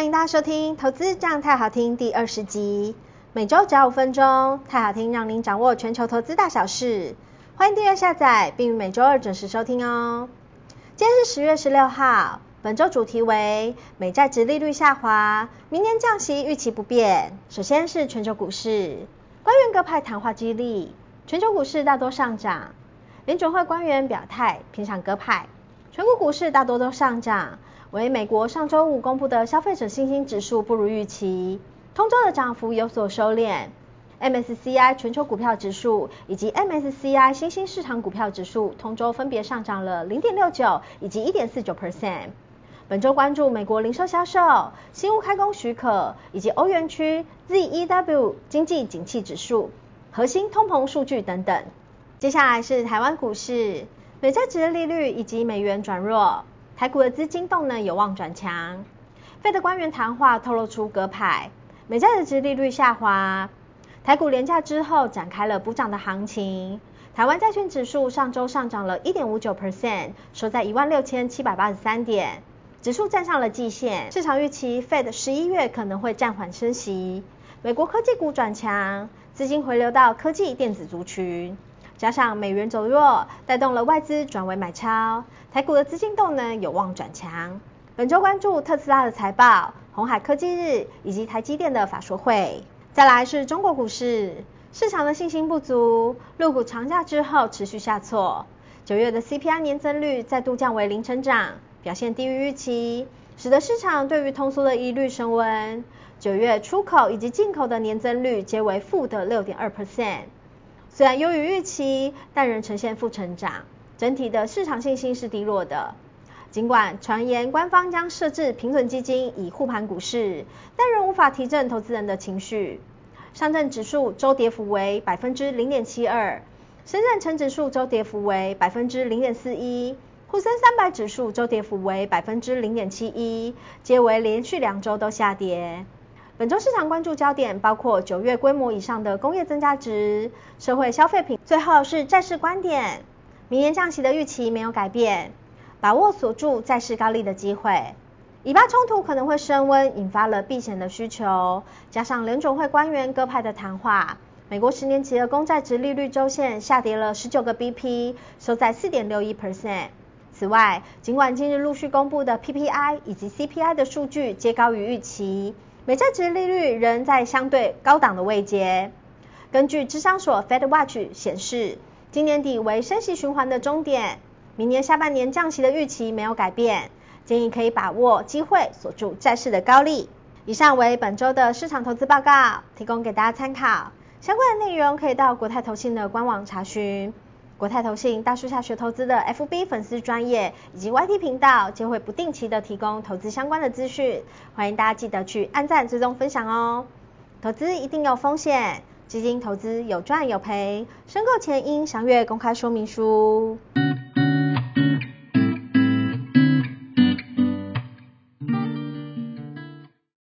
歡迎大家收聽《投資！這樣，泰好聽》第二十集，每週只要五分鐘，泰好聽讓您掌握全球投資大小事。歡迎訂閱下載，並每週二準時收聽哦。今天是十月十六號，本週主題為美債殖利率下滑，明年降息預期不變。首先是全球股市，官員鴿派談話激勵，全球股市大多上漲。聯準會官員表態，平常鴿派，全國股市大多都上漲。為美國上周五公布的消費者信心指數不如預期，通州的漲幅有所收斂。MSCI 全球股票指數以及 MSCI 新興市場股票指數，通州分別上漲了零點六九以及一點四九 percent。本周關注美國零售銷售、新屋開工許可以及歐元區 ZEW 經濟景氣指數、核心通膨數據等等。接下來是台灣股市，美債殖利率以及美元轉弱。台股的資金動能有望轉強。Fed 官員談話透露出鴿派，美債的殖利率下滑，台股連假之後展開了補漲的行情。台灣債券指數上周上漲了1.59%，收在一萬六千七百八十三點，指數站上了季線。市場預期 Fed 十一月可能會暫緩升息。美國科技股轉強，資金回流到科技電子族群。加上美元走弱，帶動了外資轉為買超，台股的資金動能有望轉強。本周關注特斯拉的財報、鴻海科技日以及台積電的法說會。再來是中國股市，市場的信心不足，陸股長假之後持續下挫。九月的 CPI 年增率再度降為零成長，表現低於預期，使得市場對於通縮的疑慮升溫。九月出口以及進口的年增率皆為負的六點二 percent。雖然優於預期，但仍呈現負成長。整體的市場信心是低落的。儘管傳言官方將設置平準基金以護盤股市，但仍無法提振投資人的情緒。上證指數週跌幅為百分之零點七二，深證成指指數週跌幅為百分之零點四一，滬深三百指數週跌幅為百分之零點七一，皆為連續兩週都下跌。本週市場關注焦點包括九月規模以上的工業增加值、社會消費品，最後是債市觀點。明年降息的預期沒有改變，把握鎖住債市高利的機會。以巴衝突可能會升溫，引發了避險的需求，加上聯準會官員鴿派的談話，美國十年期的公債殖利率週線下跌了十九個 bp，收在四點六一 percent。此外，儘管今日陸續公布的 PPI 以及 CPI 的數據皆高於預期。美債殖利率仍在相對高檔的位階，根據芝商所 Fed Watch 顯示，今年底為升息循環的終點，明年下半年降息的預期沒有改變，建議可以把握機會鎖住債市的高利。以上為本周的市場投資報告，提供給大家參考，相關的內容可以到國泰投信的官網查詢。國泰投信、大樹下學投資的 FB 粉絲專業以及 YT 頻道，將會不定期的提供投資相關的資訊，歡迎大家記得去按讚、追蹤、分享哦。投資一定有風險，基金投資有賺有賠，申購前應詳閱公開說明書。